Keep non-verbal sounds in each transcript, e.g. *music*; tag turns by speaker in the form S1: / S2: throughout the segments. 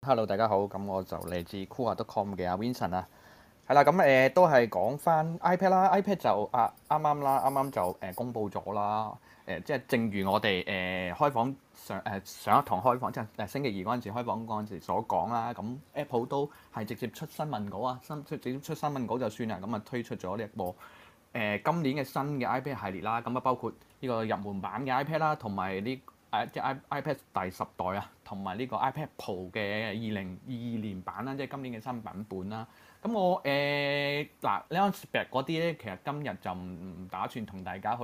S1: Hello，大家好，咁我就嚟自 Qooah.com 嘅阿 Winson 啊，係啦，咁誒都係講翻 iPad 啦，iPad 就啊啱啱啦，啱啱就誒公布咗啦，誒即係正如我哋誒開房上誒上一堂開房即係星期二嗰陣時開房嗰陣時所講啦，咁 Apple 都係直接出新聞稿啊，新直接出新聞稿就算啦，咁啊推出咗呢一波。誒、呃、今年嘅新嘅 iPad 系列啦，咁啊包括呢個入門版嘅 iPad 啦，同埋呢誒即係 iPad 第十代啊，同埋呢個 iPad Pro 嘅二零二二年版啦，即係今年嘅新版本啦。咁我誒嗱，呢啲 spec 嗰啲呢，其實今日就唔打算同大家去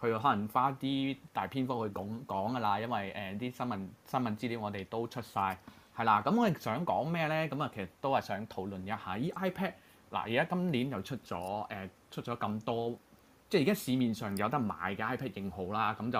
S1: 去可能花啲大篇幅去講講噶啦，因為誒啲、呃、新聞新聞資料我哋都出晒。係啦。咁我哋想講咩呢？咁啊，其實都係想討論一下依 iPad。嗱，而家今年又出咗誒、呃，出咗咁多，即係而家市面上有得買嘅 iPad 型號啦。咁就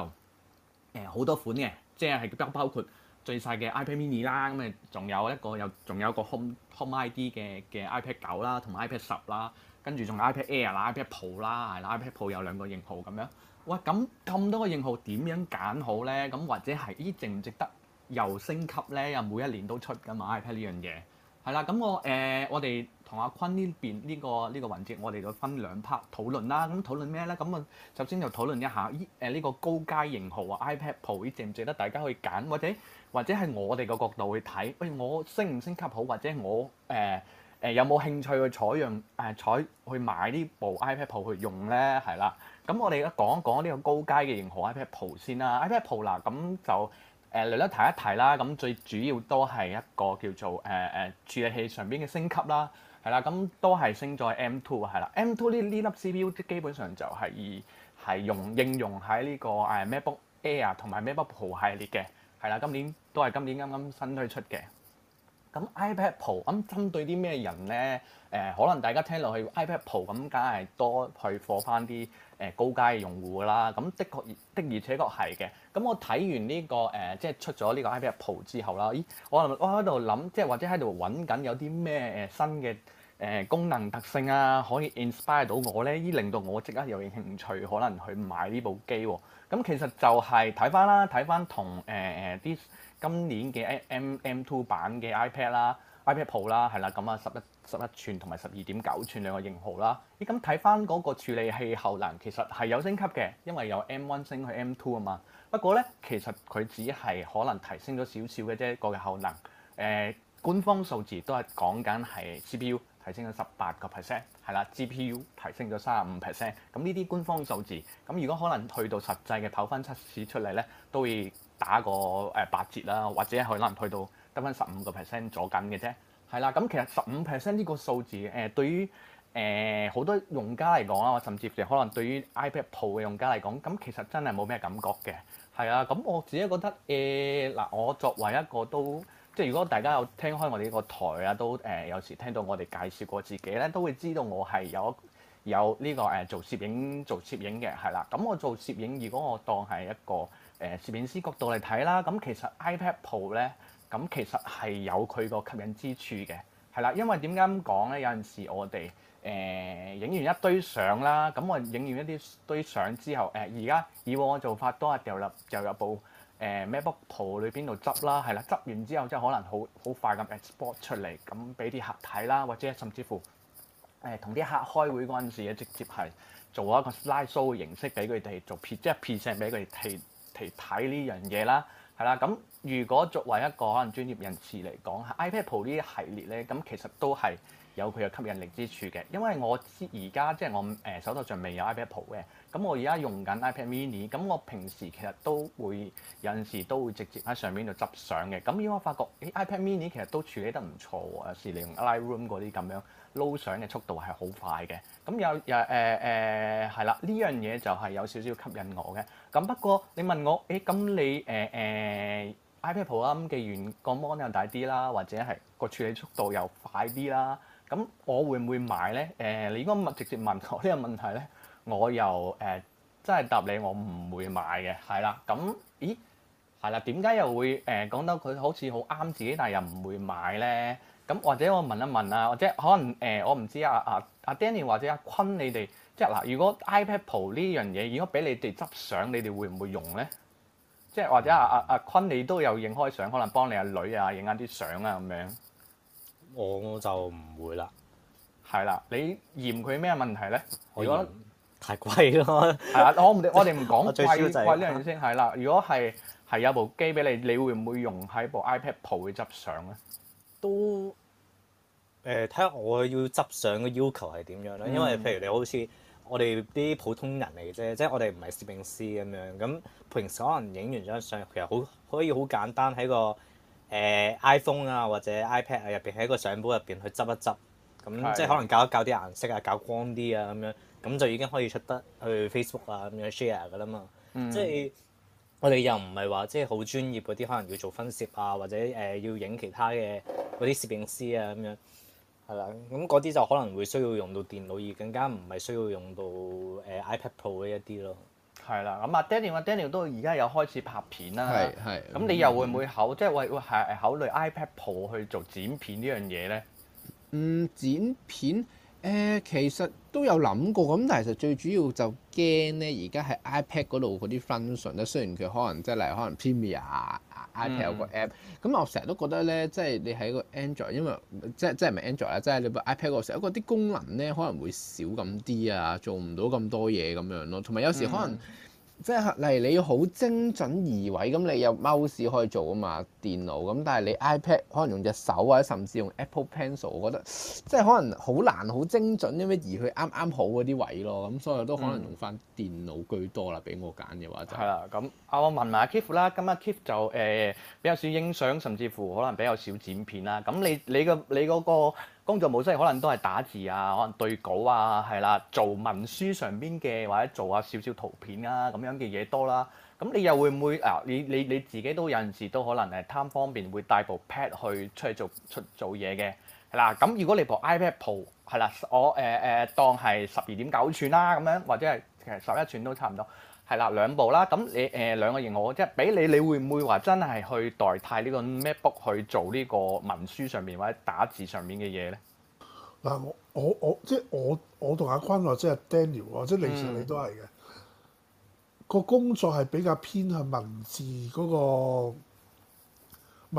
S1: 誒好、呃、多款嘅，即係係包括最細嘅 iPad Mini 啦。咁誒，仲有一個又仲有一個 Home Home ID 嘅嘅 iPad 九啦，同埋 iPad 十啦，跟住仲有 iPad Air 啦，iPad Pro 啦，係啦，iPad Pro 有兩個型號咁樣。哇！咁咁多個型號點樣揀好呢？咁或者係咦，值唔值得又升級呢？又每一年都出㗎嘛 iPad 呢樣嘢係啦。咁我誒、呃、我哋。同阿坤呢邊呢個呢個環節，我哋就分兩 part 討論啦。咁討論咩呢？咁啊，首先就討論一下，誒、這、呢個高階型號啊 iPad Pro 值唔值得大家去揀，或者或者係我哋個角度去睇，喂，我升唔升級好，或者我誒誒、呃呃、有冇興趣去採用誒採、呃、去買呢部 iPad Pro 去用呢？係啦，咁我哋而家講一講呢個高階嘅型號 iPad Pro 先啦。iPad Pro 嗱，咁就誒略略提一提啦。咁最主要都係一個叫做誒誒、呃、處理器上邊嘅升級啦。係啦，咁都係升咗 M2，係啦，M2 呢呢粒 CPU 都基本上就係係用應用喺呢個 a MacBook Air 同埋 MacBook Pro 系列嘅，係啦，今年都係今年啱啱新推出嘅。咁 iPad Pro 咁針對啲咩人呢？誒、呃，可能大家聽落去 iPad Pro 咁，梗係多去貨返啲誒高階嘅用戶㗎啦。咁的確的而且確係嘅。咁我睇完呢個誒、呃，即係出咗呢個 iPad Pro 之後啦，咦？我我喺度諗，即係或者喺度揾緊有啲咩新嘅。誒、呃、功能特性啊，可以 inspire 到我呢，令到我即刻有興趣，可能去買呢部機喎、哦。咁其實就係睇翻啦，睇翻同誒誒啲今年嘅 M M Two 版嘅 iPad 啦，iPad Pro 啦，係啦，咁啊十一十一寸同埋十二點九寸兩個型號啦。咁睇翻嗰個處理器效能，其實係有升級嘅，因為有 M One 升去 M Two 啊嘛。不過呢，其實佢只係可能提升咗少少嘅啫個效能。誒、呃、官方數字都係講緊係 CPU。提升咗十八個 percent，係啦，GPU 提升咗三十五 percent，咁呢啲官方數字，咁如果可能去到實際嘅跑分測試出嚟呢，都會打個誒八折啦，或者可能去到得返十五個 percent 左右嘅啫，係啦，咁其實十五 percent 呢個數字誒、呃，對於誒好、呃、多用家嚟講啊，甚至乎可能對於 iPad Pro 嘅用家嚟講，咁其實真係冇咩感覺嘅，係啊，咁我自己覺得誒嗱、呃，我作為一個都。即係如果大家有聽開我哋呢個台啊，都誒有時聽到我哋介紹過自己咧，都會知道我係有有呢個誒做攝影做攝影嘅係啦。咁我做攝影，如果我當係一個誒攝影師角度嚟睇啦，咁其實 iPad Pro 咧，咁其實係有佢個吸引之處嘅，係啦。因為點解咁講咧？有陣時我哋誒影完一堆相啦，咁我影完一啲堆相之後，誒而家以往嘅做法都係掉入掉入部。MacBook Pro 裏邊度執啦，係啦，執完之後即係可能好好快咁 export 出嚟，咁俾啲客睇啦，或者甚至乎誒同啲客開會嗰陣時直接係做一個 slide show 嘅形式俾佢哋做 P，即係 present 俾佢哋睇睇睇呢樣嘢啦。係啦，咁如果作為一個可能專業人士嚟講，iPad Pro 呢啲系列呢，咁其實都係有佢嘅吸引力之處嘅。因為我而家即係我誒手頭仲未有 iPad Pro 嘅，咁我而家用緊 iPad Mini，咁我平時其實都會有陣時都會直接喺上面度執相嘅。咁而我發覺，誒 iPad Mini 其實都處理得唔錯喎，尤其用 Lightroom 嗰啲咁樣。撈相嘅速度係好快嘅，咁又又誒誒係啦，呢樣嘢就係有少少吸引我嘅。咁不過你問我，誒咁你誒誒 iPad Pro 啦，咁嘅原個 mon 又大啲啦，或者係個處理速度又快啲啦，咁我會唔會買咧？誒，你如果問直接問我呢個問題咧，我又誒真係答你，我唔會買嘅，係啦。咁咦係啦，點解又會誒講到佢好似好啱自己，但係又唔會買咧？咁或者我問一問啊，或者可能誒，我唔知啊，阿阿 Danny 或者阿坤你哋，即係嗱，如果 iPad Pro 呢樣嘢，如果俾你哋執相，你哋會唔會用呢？即係或者阿阿阿坤，你都有影開相，可能幫你阿女啊影下啲相啊咁樣。我就唔會啦。係啦，你嫌佢咩問題呢？如果
S2: 太貴咯。係啊，我我哋唔講貴貴呢樣嘢
S1: 先。係啦，如果係係有部機俾你，你會唔會用喺部 iPad Pro 去執相呢？
S2: 都。誒睇下我要執相嘅要求係點樣啦。嗯、因為譬如你好似我哋啲普通人嚟啫，即係我哋唔係攝影師咁樣。咁平時可能影完張相，其實好可以好簡單喺個誒、呃、iPhone 啊或者 iPad、啊、入邊喺個相簿入邊去執一執，咁即係可能搞一搞啲顏色啊，搞光啲啊咁樣，咁就已經可以出得去 Facebook 啊咁樣 share 㗎喇嘛。嗯、即係我哋又唔係話即係好專業嗰啲，可能要做分攝啊，或者誒、呃、要影其他嘅嗰啲攝影師啊咁樣。係啦，咁嗰啲就可能會需要用到電腦，而更加唔係需要用到誒、呃、iPad Pro 呢一啲咯。係啦，咁啊 Daniel 啊 Daniel
S1: 都而家有開始拍片啦，
S3: 咁係你又會唔會
S1: 考、嗯、即係會會係考慮 iPad Pro 去做剪片呢樣嘢咧？嗯，剪片。誒，其實都有諗過咁，但係其實最主要就驚咧，而家喺 iPad 嗰度嗰啲 function 咧，雖然佢可能即係例如可能 Premier iPad 有個 app，咁、嗯、我成日都覺得咧，即係你喺個 Android，因為即係即係唔係 Android 啦，即係你部 iPad 嗰時候，嗰啲功能咧可能會少咁啲啊，做唔到咁多嘢咁樣咯、啊，同埋有，有時可能。嗯即係例如你要好精準移位，咁你有 mouse 可以做啊嘛，電腦咁，但係你 iPad 可能用隻手或者甚至用 Apple Pencil，我覺得即係可能好難好精準，因為移去啱啱好嗰啲位咯，咁所以都可能用翻電腦居多啦。俾、嗯、我揀嘅話就係、是、啦。咁我問埋阿 Kip 啦，咁阿 Kip 就誒、呃、比較少影相，甚至乎可能比較少剪片啦。咁你你個你嗰、嗰個。工作模式可能都係打字啊，可能對稿啊，係啦，做文書上邊嘅或者做下少少圖片啊咁樣嘅嘢多啦。咁你又會唔會啊、呃？你你你自己都有陣時都可能誒貪方便會帶部 Pad 去出去做出做嘢嘅，係啦。咁如果你部 iPad Pro 係啦，我誒誒、呃呃、當係十二點九寸啦、啊、咁樣，或者係其實十一寸都差唔多。係啦、呃，兩部啦。咁你誒兩個型號，即係俾你，你會唔會話真係去代替呢個 MacBook 去做呢個文書上面或者打字上面嘅嘢咧？
S3: 嗱，我我即我即係我我同阿坤或者 Daniel 或者凌晨你常常都係嘅，個、嗯、工作係比較偏向文字嗰、那個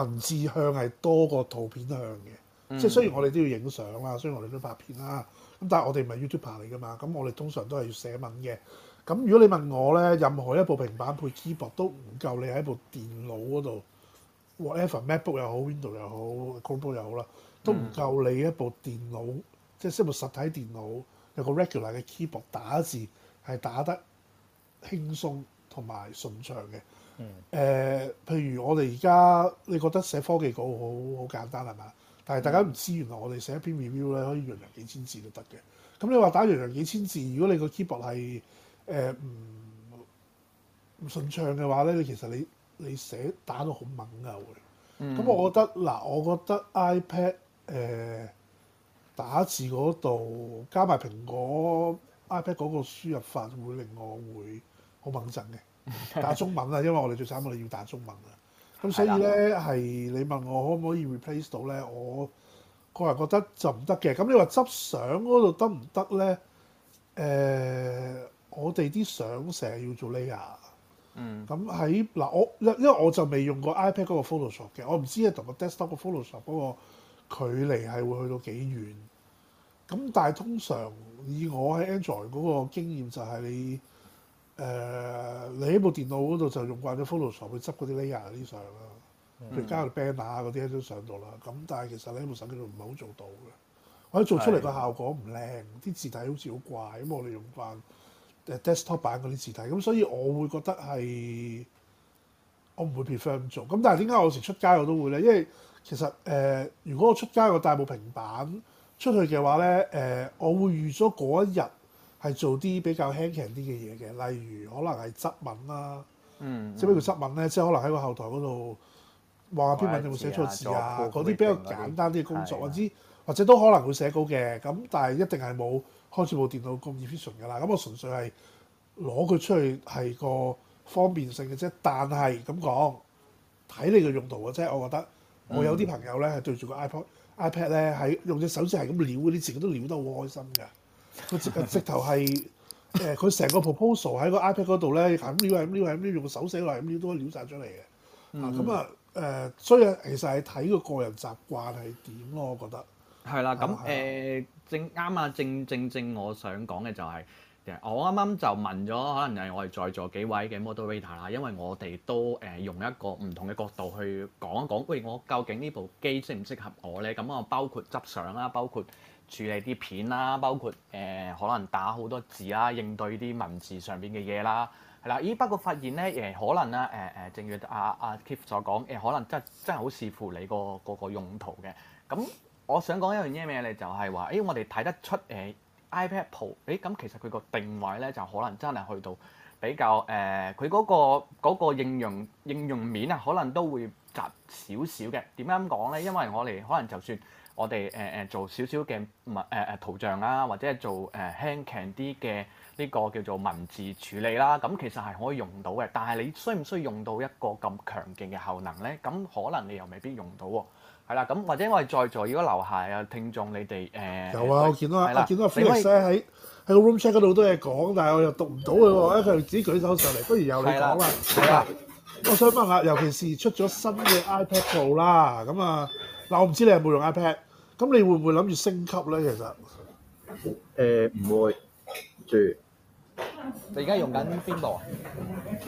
S3: 文字向係多過圖片向嘅。嗯、即係雖然我哋都要影相啦，雖然我哋都拍片啦，咁但係我哋唔係 YouTuber 嚟噶嘛。咁我哋通常都係要寫文嘅。咁如果你問我咧，任何一部平板配 keyboard 都唔夠你喺部電腦嗰度，whatever, MacBook 又好，Windows 又好，Chromebook 又好啦，都唔夠你一部電腦，嗯、即係一部實體電腦有個 regular 嘅 keyboard 打字係打得輕鬆同埋順暢嘅。誒、嗯呃，譬如我哋而家你覺得寫科技稿好好簡單係嘛？但係大家唔知、嗯、原來我哋寫一篇 review 咧可以洋洋幾千字都得嘅。咁你話打洋洋幾千字，如果你個 keyboard 係誒唔唔順暢嘅話咧，你其實你你寫打到好猛㗎會咁、嗯。我覺得嗱、呃，我覺得 iPad 誒打字嗰度加埋蘋果 iPad 嗰個輸入法會令我會好猛震嘅 *laughs* 打中文啊，因為我哋最慘，我哋要打中文啊。咁所以咧係的你問我可唔可以 replace 到咧？我個人覺得就唔得嘅。咁你話執相嗰度得唔得咧？誒、呃。我哋啲相成日要做 layer，咁喺嗱、嗯、我因因為我就未用過 iPad 嗰個 Photoshop 嘅，我唔知咧同個 desktop 個 Photoshop 嗰個距離係會去到幾遠。咁但係通常以我喺 Android 嗰個經驗就係你誒、呃、你喺部電腦嗰度就用慣咗 Photoshop 去執嗰啲 layer 啲相啦，譬、嗯、如加個 banner 啊嗰啲都上到啦。咁但係其實你喺部手機度唔係好做到嘅，或者做出嚟個效果唔靚，啲字體好似好怪。咁我哋用慣。誒 desktop 版嗰啲字體，咁所以我會覺得係我唔會 prefer 咁做。咁但係點解我有時出街我都會咧？因為其實誒、呃，如果我出街我帶部平板出去嘅話咧，誒、呃，我會預咗嗰一日係做啲比較輕鬆啲嘅嘢嘅，例如可能係質問啦、啊嗯，
S4: 嗯，即係咩叫
S3: 質問咧？即、就、係、是、可能喺個後台嗰度話篇文你有冇寫錯字啊？嗰啲比較簡單啲嘅工作，或者、嗯嗯、或者都可能會寫稿嘅，咁但係一定係冇開始部電腦咁 efficient 嘅啦，咁我純粹係攞佢出去係個方便性嘅啫。但係咁講，睇你嘅用途嘅啫。我覺得，我有啲朋友咧係對住個 iPod, iPad、iPad 咧，係用隻手指係咁撩，嗰自己都撩得好開心嘅。佢直頭係誒，佢、呃、成個 proposal 喺個 iPad 嗰度咧，係咁撩係咁撩，係咁用個手寫落嚟咁撩都可以撩晒出嚟嘅。嗯、啊咁啊誒，所以其實係睇個個人習慣係點咯，我覺得。
S1: 係啦，咁誒正啱啊！正正正、就是，我想講嘅就係誒，我啱啱就問咗，可能係我哋在座幾位嘅 moderator 啦，因為我哋都誒、呃、用一個唔同嘅角度去講一講。喂、欸，我究竟呢部機適唔適合我咧？咁、嗯、啊，包括執相啦，包括處理啲片啦，包括誒、呃、可能打好多字啦，應對啲文字上邊嘅嘢啦，係啦。咦？不過發現咧誒、呃，可能啦誒誒，正如阿、啊、阿、啊、Kip 所講，誒、呃、可能真真係好視乎你、個、個用途嘅咁。我想講一樣嘢咩咧？就係話，誒，我哋睇得出，誒，iPad Pro，咁其實佢個定位咧，就可能真係去到比較，誒、呃，佢嗰個嗰個應用應用面啊，可能都會窄少少嘅。點解咁講咧？因為我哋可能就算我哋誒誒做少少嘅文誒誒圖像啦，或者做誒輕強啲嘅呢個叫做文字處理啦，咁其實係可以用到嘅。但係你需唔需要用到一個咁強勁嘅效能咧？咁可能你又未必用到喎。係啦，咁或者我係在座如果樓下啊聽眾你哋誒有啊，我見到啊，見到 Felix 喺
S3: 喺 room chat 嗰度好多嘢講，但係我又讀唔到佢喎，佢就自己舉手上嚟，不如由你講啦。係啦，我想問下，尤其是出咗新嘅 iPad Pro 啦，咁啊嗱，我唔知你有冇用 iPad，咁你會唔會諗住升級咧？其實
S4: 誒唔會。
S1: 你而家用緊邊部啊？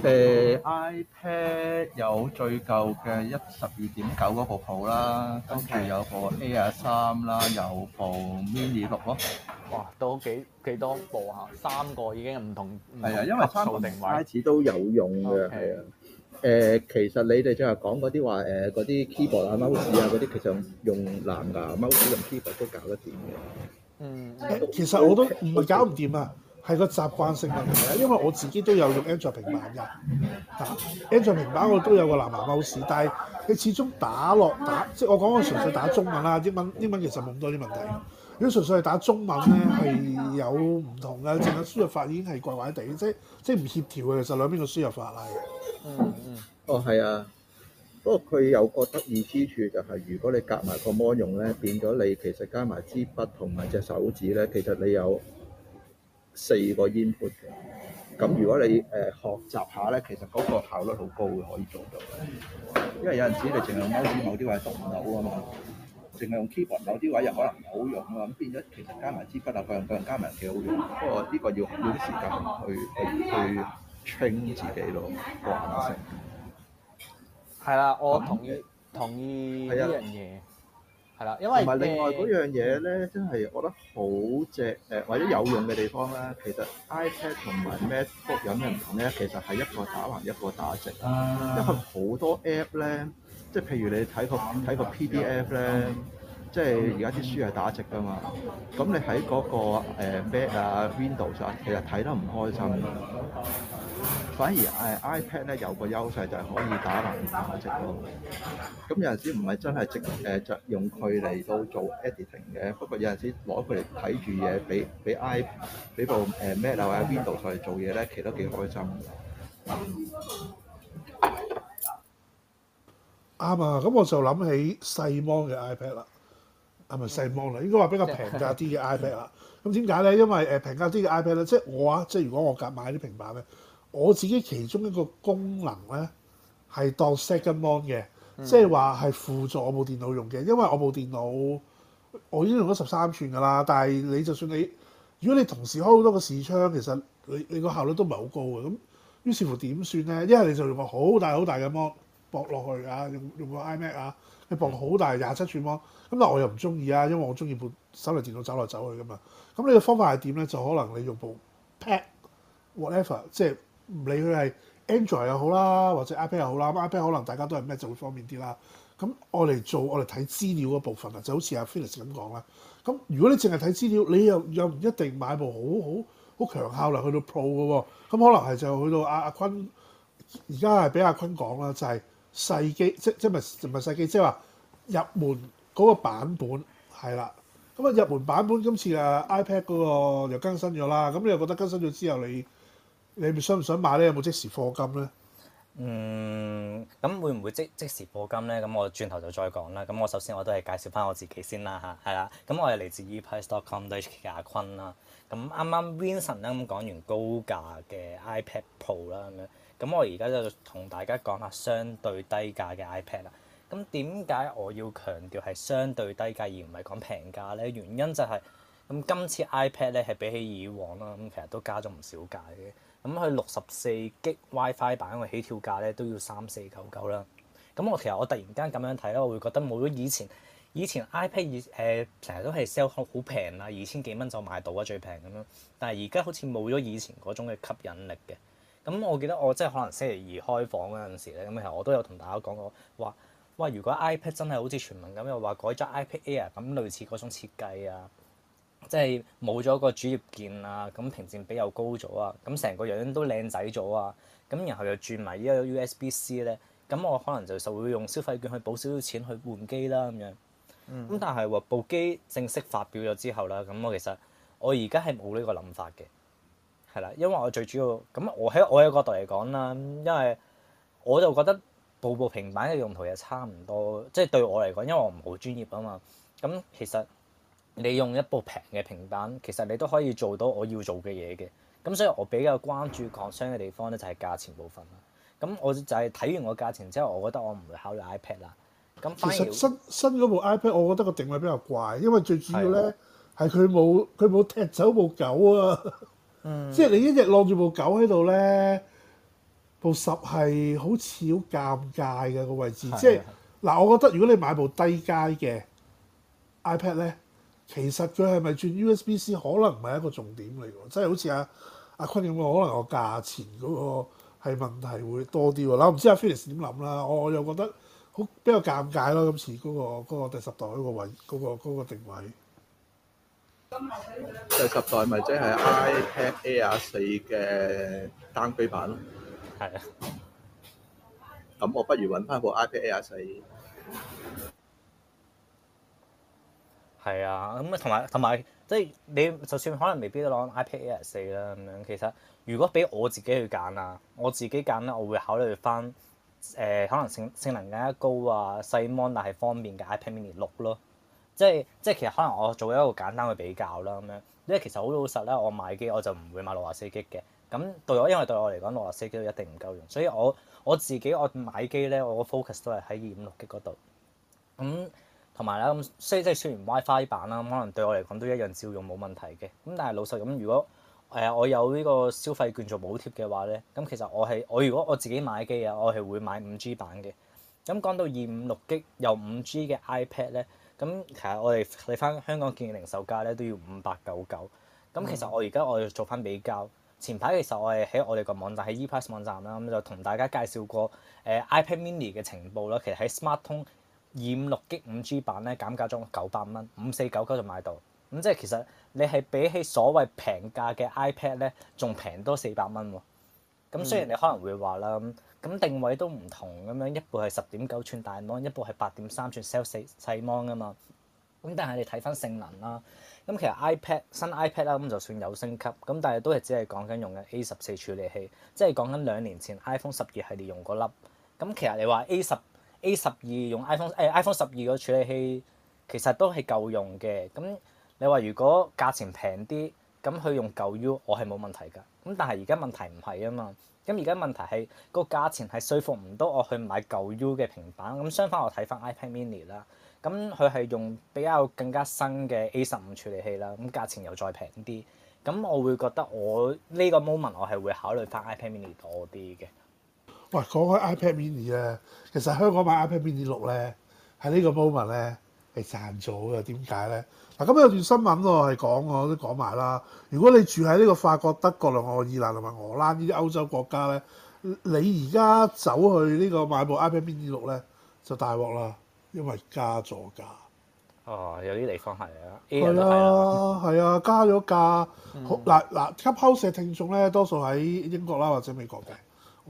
S4: 誒，iPad 有最舊嘅一十二點九嗰部號啦，跟
S1: 住有部 Air 三啦，有部 Mini 六咯。哇，都幾幾多部啊！三個已經唔同。係啊，因為三個定位開
S4: 始都有用嘅。係啊。誒，其實你哋就係講嗰啲話，誒，嗰啲 keyboard 啊、mouse 啊嗰啲，其實用藍牙 mouse 用 keyboard 都搞得掂嘅。嗯。
S3: 誒，其實我都唔係搞唔掂啊。係個習慣性問題啊，因為我自己都有用 Android 平板㗎，嚇、啊、Android 平板我都有個藍牙模式，但係你始終打落打，即係我講嘅純粹打中文啦，英文英文其實冇咁多啲問題。如果純粹係打中文咧，係有唔同嘅，淨係輸入法已經係怪怪地，即係即係唔協調嘅，其實兩邊個輸入法係、嗯。
S4: 嗯哦，係啊。不過佢有個得意之處就係，如果你夾埋個魔用咧，變咗你其實加埋支筆同埋隻手指咧，其實你有。四個 input 嘅，咁如果你誒、呃、學習下咧，其實嗰個效率好高嘅，可以做到嘅。因為有陣時你淨係用手指某啲位讀唔到啊嘛，淨係用 keyboard 某啲位又可能唔好用啊。咁變咗其實加埋支筆啊，個人個人，加埋幾好用。不過呢個要要啲時間去去 train 自己咯，慣
S1: 性。係啦，我同意那同意呢樣嘢。因為同埋另外嗰
S4: 樣嘢咧，真係我覺得好正。誒、呃，或者有用嘅地方咧。其實 iPad 同埋 MacBook 有咩唔同咧？其實係一個打橫一個打直，因為好多 App 咧，即係譬如你睇個睇個 PDF 咧，即係而家啲書係打直㗎嘛。咁你喺嗰、嗰個 Mac、呃、啊 Windows 上，其實睇得唔開心。反而誒 iPad 咧有個優勢就係可以打橫打直咯。咁有陣時唔係真係直誒就用佢嚟到做 editing 嘅，不過有陣時攞佢嚟睇住嘢，俾俾 i 俾部誒 Mac 啊或者 Windows 上嚟做嘢咧，其實都幾開心
S3: 嘅。啱、嗯、啊！咁、嗯、我就諗起細芒嘅 iPad 啦，啊係咪細芒啦，應該話比較平價啲嘅 iPad 啦。咁點解咧？因為誒平價啲嘅 iPad 咧，即係我啊，即係如果我夾買啲平板咧。我自己其中一個功能咧，係當 second mon 嘅，即係話係輔助我部電腦用嘅。因為我部電腦我已經用咗十三寸㗎啦，但係你就算你如果你同時開好多個視窗，其實你你個效率都唔係好高嘅。咁於是乎點算咧？一係你就用個好大好大嘅芒駁落去啊，用用個 iMac 啊，你駁好大廿七寸芒。咁嗱我又唔中意啊，因為我中意部手提電腦走來走去㗎嘛。咁你嘅方法係點咧？就可能你用部 pad whatever 即係，唔理佢係 Android 又好啦，或者 iPad 又好啦，咁 iPad 可能大家都係咩就會方便啲啦。咁我嚟做我嚟睇資料嗰部分啊，就好似阿 Felix 咁講啦。咁如果你淨係睇資料，你又又唔一定買一部好好好強效嚟去到 Pro 嘅喎、哦。咁可能係就去到阿、啊、阿坤而家係俾阿坤講啦，就係細機即即唔係唔係細機，即係話入門嗰個版本係啦。咁啊入門版本今次啊 iPad 嗰個又更新咗啦。咁你又覺得更新咗之後你？你哋想唔想買咧？有冇即時課金咧？嗯，
S2: 咁會唔會即即時課金咧？咁我轉頭就再講啦。咁我首先我都係介紹返我自己先啦吓，係啦。咁我係嚟自 eprice.com 嘅阿坤啦。咁啱啱 Vincent 咧咁講完高價嘅 iPad Pro 啦咁樣，咁我而家就同大家講下相對低價嘅 iPad 啦。咁點解我要強調係相對低價而唔係講平價咧？原因就係、是、咁今次 iPad 咧係比起以往啦，咁其實都加咗唔少價嘅。咁佢六十四 G WiFi 版嘅起跳價咧都要三四九九啦。咁我其實我突然間咁樣睇咧，我會覺得冇咗以前。以前 iPad 以、呃、誒成日都係 sell 好平啦，二千幾蚊就買到啊，最平咁樣。但係而家好似冇咗以前嗰種嘅吸引力嘅。咁我記得我即係可能星期二開房嗰陣時咧，咁其實我都有同大家講過，話哇如果 iPad 真係好似傳聞咁又話改咗 iPad Air 咁類似嗰種設計啊。即係冇咗個主頁鍵啊，咁屏佔比又高咗啊，咁成個樣都靚仔咗啊，咁然後又轉埋依個 USB C 咧，咁我可能就就會用消費券去補少少錢去換機啦咁樣。咁、mm hmm. 但係部機正式發表咗之後啦，咁我其實我而家係冇呢個諗法嘅，係啦，因為我最主要咁我喺我嘅角度嚟講啦，因為我就覺得部部平板嘅用途又差唔多，即係對我嚟講，因為我唔好專業啊嘛，咁其實。你用一部平嘅平板，其實你都可以做到我要做嘅嘢嘅。咁所以我比較關注擴商嘅地方咧，就係價錢部分啦。咁我就係睇完個價錢之後，我覺得我唔會考慮 iPad 啦。咁其實新
S3: 新嗰部 iPad，我覺得個定位比較怪，因為最主要咧係佢冇佢冇踢走部狗啊。嗯，即係你一日落住部狗喺度咧，部十係好似好尷尬嘅個位置。的即係嗱，我覺得如果你買部低階嘅 iPad 咧。其實佢係咪轉 USB-C 可能唔係一個重點嚟喎，即係好似阿阿坤咁話，可能價個價錢嗰個係問題會多啲喎。嗱，我唔知阿 Felix 點諗啦？我我又覺得好比較尷尬咯。今次嗰個嗰個第十代嗰個位嗰個嗰個定位，第
S4: 十代咪即係 iPad Air 四嘅單機版咯？係啊的，咁我不如揾翻部 iPad Air 四。
S2: 係啊，咁啊同埋同埋即係你就算可能未必攞 iPad Air 四啦咁樣，其實如果俾我自己去揀啊，我自己揀咧，我會考慮翻誒、呃、可能性性能更加高啊，細 mon 但係方便嘅 iPad Mini 六咯，即係即係其實可能我做一個簡單嘅比較啦咁樣，因為其實好老實咧，我買機我就唔會買六十四 G 嘅，咁對我因為對我嚟講六十四 G 一定唔夠用，所以我我自己我買機咧，我個 focus 都係喺二五六 G 嗰度，咁。嗯。同埋啦，咁雖然即係雖然 WiFi 版啦，咁可能對我嚟講都一樣照用冇問題嘅。咁但係老實咁，如果誒我有呢個消費券做補貼嘅話咧，咁其實我係我如果我自己買機啊，我係會買五 G 版嘅。咁講到二五六激有五 G 嘅 iPad 咧，咁其實我哋睇翻香港建議零售價咧都要五百九九。咁其實我而家我要做翻比較，前排其實我係喺我哋個網站喺 ePlus 網站啦，咁就同大家介紹過誒 iPad Mini 嘅情報啦。其實喺 Smart 通。二五六激五 G 版咧減價咗九百蚊，五四九九就買到，咁即係其實你係比起所謂平價嘅 iPad 咧，仲平多四百蚊喎。咁雖然你可能會話啦，咁定位都唔同，咁樣一部係十點九寸大芒，一部係八點三寸細細芒㗎嘛。咁但係你睇返性能啦，咁其實 iPad 新 iPad 啦，咁就算有升級，咁但係都係只係講緊用嘅 A 十四處理器，即係講緊兩年前 iPhone 十二系列用嗰粒。咁其實你話 A 十。A 十二用 iPhone、哎、iPhone，誒 iPhone 十二個處理器其實都係夠用嘅。咁你話如果價錢平啲，咁佢用舊 U 我係冇問題㗎。咁但係而家問題唔係啊嘛？咁而家問題係個價錢係説服唔到我去買舊 U 嘅平板。咁相反我睇翻 iPad Mini 啦，咁佢係用比較更加新嘅 A 十五處理器啦。咁價錢又再平啲，咁我會覺得我呢個 moment 我係會考慮翻 iPad Mini 多啲嘅。
S3: 喂，講開 iPad Mini 咧，其實香港買 iPad Mini 六咧，喺呢個 moment 咧係賺咗嘅。點解咧？嗱，咁有段新聞我係講，我都講埋啦。如果你住喺呢個法國、德國、挪威、意蘭同埋俄蘭呢啲歐洲國家咧，你而家走去呢個買部 iPad Mini 六咧，就大鑊啦，因為加咗價。哦，
S2: 有啲地方係啊，
S3: 係啊，係啊，啊，加咗價。好、嗯，嗱嗱，收收聲，聽眾咧多數喺英國啦、啊、或者美國嘅。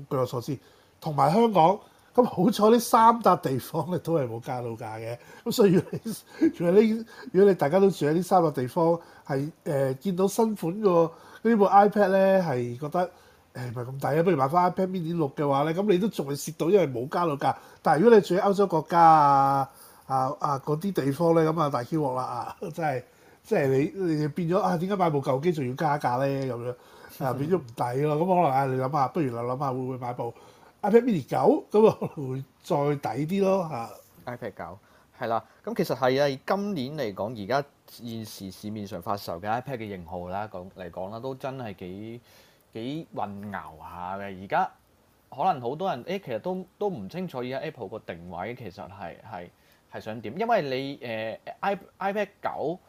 S3: 據我所知，同埋香港咁好彩，呢三笪地方咧都係冇加到價嘅。咁所以如果你，如果你，如果你大家都住喺呢三笪地方，係誒、呃、見到新款個呢部 iPad 咧，係覺得誒唔係咁抵啊！不如買翻 iPad mini 六嘅話咧，咁你都仲會蝕到，因為冇加到價。但係如果你住喺歐洲國家啊啊啊嗰啲地方咧，咁啊大 Q 鑊啦啊！真係，即係你你變咗啊？點解買部舊機仲要加價咧？咁樣。啊、嗯，變咗唔抵咯，咁可能啊，你諗下，不如你諗下會唔會買部 iPad Mini 九，咁啊可能會再抵啲咯嚇。iPad 九，係啦，咁其實係
S1: 啊，今年嚟講，而家現時市面上發售嘅 iPad 嘅型號啦，講嚟講啦，都真係幾幾混淆下嘅。而家可能好多人，誒，其實都都唔清楚而家 Apple 個定位其實係係係想點，因為你誒、uh, iPad 九，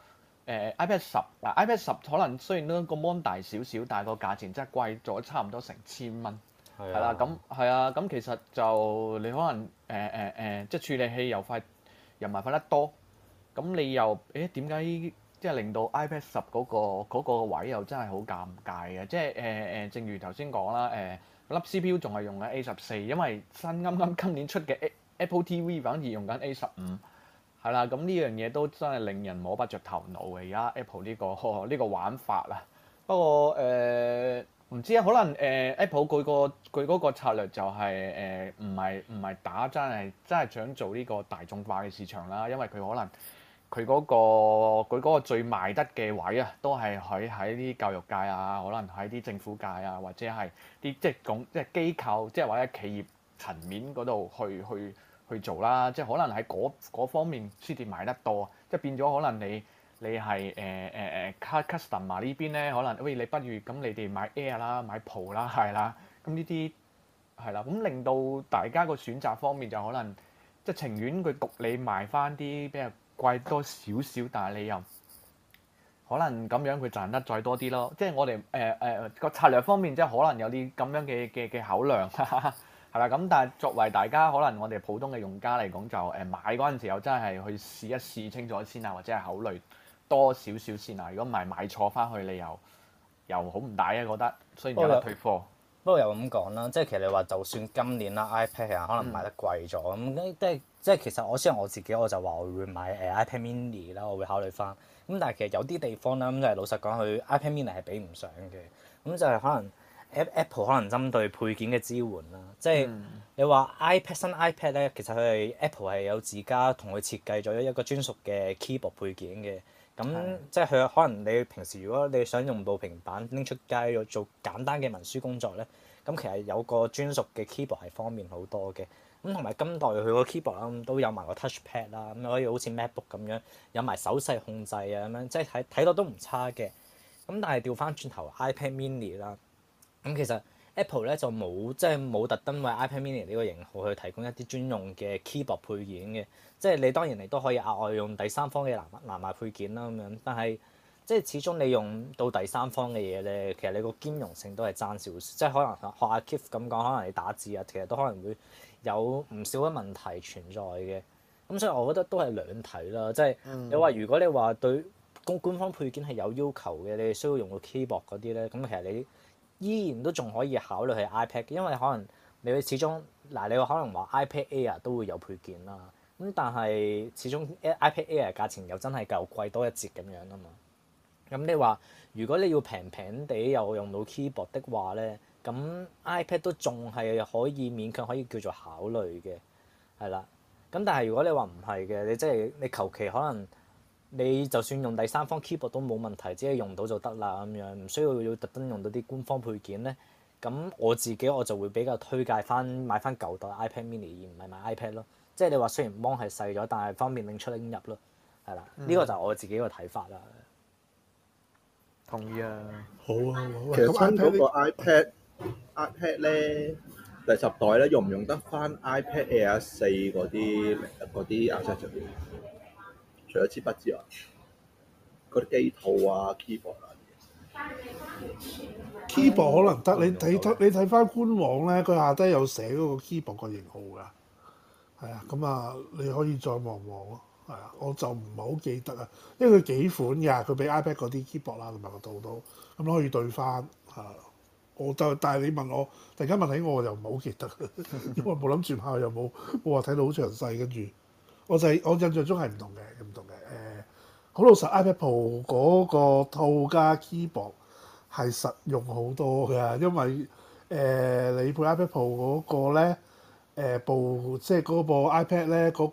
S1: 誒、uh, iPad 十，嗱 iPad 十可能雖然咧個 mon 大少少，但係個價錢真係貴咗差唔多成千蚊，
S2: 係啦，咁
S1: 係啊，咁、啊啊、其實就你可能誒誒誒，即、uh, 係、uh, uh, 處理器又快又唔係快得多，咁你又誒點解即係令到 iPad 十嗰、那個嗰、那個位又真係好尷尬嘅？即係誒誒，uh, uh, 正如頭先講啦，誒粒 CPU 仲係用緊 A 十四，因為新啱啱今年出嘅 Apple TV 反而用緊 A 十五。係啦，咁呢樣嘢都真係令人摸不着頭腦嘅。而家 Apple 呢個、呢個玩法啦，不過誒唔、呃、知啊，可能誒、呃、Apple 佢個佢嗰個策略就係誒唔係唔係打，真係真係想做呢個大眾化嘅市場啦。因為佢可能佢嗰個、佢嗰個最賣得嘅位啊，都係喺喺啲教育界啊，可能喺啲政府界啊，或者係啲即係公即係機構，即係或者企業層面嗰度去去。去去做啦，即係可能喺嗰方面書店買得多，即係變咗可能你你係誒誒、呃、誒、呃、customer 呢邊咧，可能喂，你不如咁，你哋買 air 啦，買 pro 啦，係啦，咁呢啲係啦，咁、嗯、令到大家個選擇方面就可能即係情願佢焗你買翻啲比較貴多少少，但係你又可能咁樣，佢賺得再多啲咯。即係我哋誒誒個策略方面，即係可能有啲咁樣嘅嘅嘅考量。 *laughs* 係啦，咁但係作為大家可能我哋普通嘅用家嚟講，就誒買嗰陣時候真係去試一試清楚先啊，或者係考慮多少少先啊。如果唔係買錯翻去，你又
S2: 又好唔抵嘅覺得，雖然有得退貨。嗯、不過又咁講啦，即係其實你話就算今年啦，iPad 啊可能買得貴咗咁、嗯，即係即係其實我雖然我自己我就話我會買誒 iPad Mini 啦，我會考慮翻。咁但係其實有啲地方啦，咁就係老實講，佢 iPad Mini 係比唔上嘅，咁就係可能。Apple 可能針對配件嘅支援啦，即係你話 iPad、嗯、新 iPad 咧，其實佢係 Apple 係有自家同佢設計咗一個專屬嘅 keyboard 配件嘅。咁、嗯、即係佢可能你平時如果你想用部平板拎出街做簡單嘅文書工作咧，咁其實有個專屬嘅 keyboard 係方便好多嘅。咁同埋今代佢個 keyboard 啦，都有埋個 touchpad 啦，咁可以好似 MacBook 咁樣有埋手勢控制啊，咁樣即係睇睇落都唔差嘅。咁但係調翻轉頭 iPad Mini 啦。咁其實 Apple 咧就冇即係冇特登為 iPad Mini 呢個型號去提供一啲專用嘅 keyboard 配件嘅，即係你當然你都可以額外用第三方嘅藍藍牙配件啦咁樣。但係即係始終你用到第三方嘅嘢咧，其實你個兼容性都係爭少少，即係可能學阿 Keith 咁講，可能你打字啊，其實都可能會有唔少嘅問題存在嘅。咁所以我覺得都係兩睇啦，即係你話如果你話對官官方配件係有要求嘅，你需要用 keyboard 嗰啲咧，咁其實你。依然都仲可以考慮係 iPad，因為可能你會始終嗱，你話可能話 iPad Air 都會有配件啦。咁但係始終 iPad Air 價錢又真係夠貴多一截咁樣啊嘛。咁、嗯、你話如果你要平平地又用到 keyboard 的話咧，咁 iPad 都仲係可以勉強可以叫做考慮嘅，係啦。咁但係如果你話唔係嘅，你即、就、係、是、你求其可能。你就算用第三方 keyboard 都冇問題，只係用到就得啦。咁樣唔需要要特登用到啲官方配件咧。咁我自己我就會比較推介翻買翻舊代 iPad Mini 而唔係買 iPad 咯。即係你話雖然芒係細咗，但係方便拎出拎入咯。係啦，呢、嗯、個就係我自己個睇法啦。同意啊！好
S4: 啊好啊，其實新嗰個 Pad, iPad iPad 咧第十代咧用唔用得翻 iPad Air 四嗰啲嗰啲 Apps？除咗支筆之外，嗰啲機套啊、
S2: keyboard
S3: 啊，keyboard 可能得你睇得你睇翻官網咧，佢下低有寫嗰個 keyboard 個型號㗎，係啊，咁啊，你可以再望望咯，係啊，我就唔係好記得啊，因為佢幾款㗎，佢畀 iPad 嗰啲 keyboard 啦同埋個套都咁都可以對翻，係啊，我就但係你問我，突然間問起我，我就唔係好記得， *laughs* *laughs* 因為冇諗住。下又冇，我話睇到好詳細，跟住我就係、係、我印象中係唔同嘅，唔同。好老實，iPad Pro 嗰個套加 keyboard 係實用好多嘅，因為誒、呃、你配 iPad Pro 嗰個咧，誒、呃、部即係嗰部 iPad 咧嗰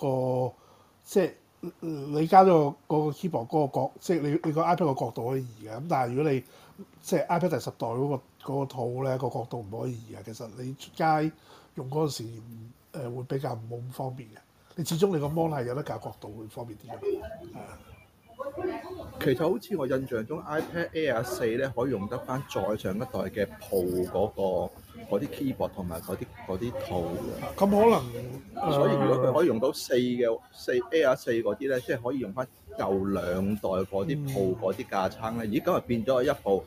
S3: 個即係、那個就是、你加咗個個 keyboard 嗰個角，即、就、係、是、你你個 iPad 個角度可以移嘅。咁但係如果你即係、就是、iPad 第十代嗰、那個那個套咧、那個角度唔可以移嘅，其實你出街用嗰陣時誒會比較唔好咁方便嘅。你始終你個 mon 係有得校角度會方便啲嘅。
S4: 其實好似我印象中 iPad Air 四咧，可以用得翻再上一代嘅鋪嗰個嗰啲 keyboard 同埋嗰啲啲套咁可能，所以如果佢可以用到四嘅四 Air 四嗰啲咧，即係可以用翻舊兩代嗰啲鋪嗰啲架撐咧。而家啊變咗一部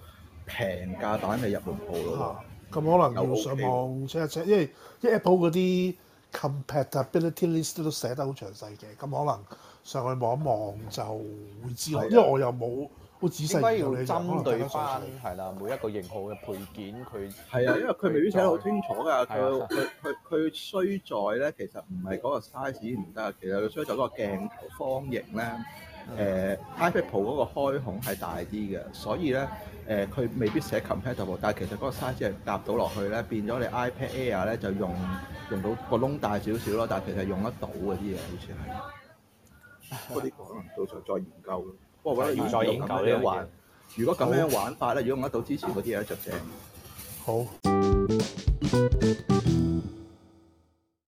S4: 平價版嘅入門鋪咯。
S3: 咁可能要上網 check 一 check，因為啲 Apple 嗰啲。compatibility list 都寫得好詳細嘅，咁可能上去望一望就會知道，的因為我又冇好仔細要呢，就針對翻
S1: 係啦，每一個型號嘅配件佢
S3: 係啊，因為佢未必寫得
S1: 好清楚㗎，佢佢佢佢
S4: 衰在咧，其實唔係嗰個 size 唔得，其實佢衰在嗰個鏡頭方形咧。誒、uh, iPad Pro 嗰個開孔係大啲嘅，所以咧誒佢未必寫 compatible，但係其實嗰個 size 係搭到落去咧，變咗你 iPad Air 咧就用用到個窿大少少咯，但係其實用得到嗰啲嘢好似係，嗰啲、啊啊、可能到時候再研究。不過我覺得要再研究呢樣嘢。如果咁樣玩法咧，好如果用得到之
S2: 前嗰啲嘢就著正。好。
S3: 好。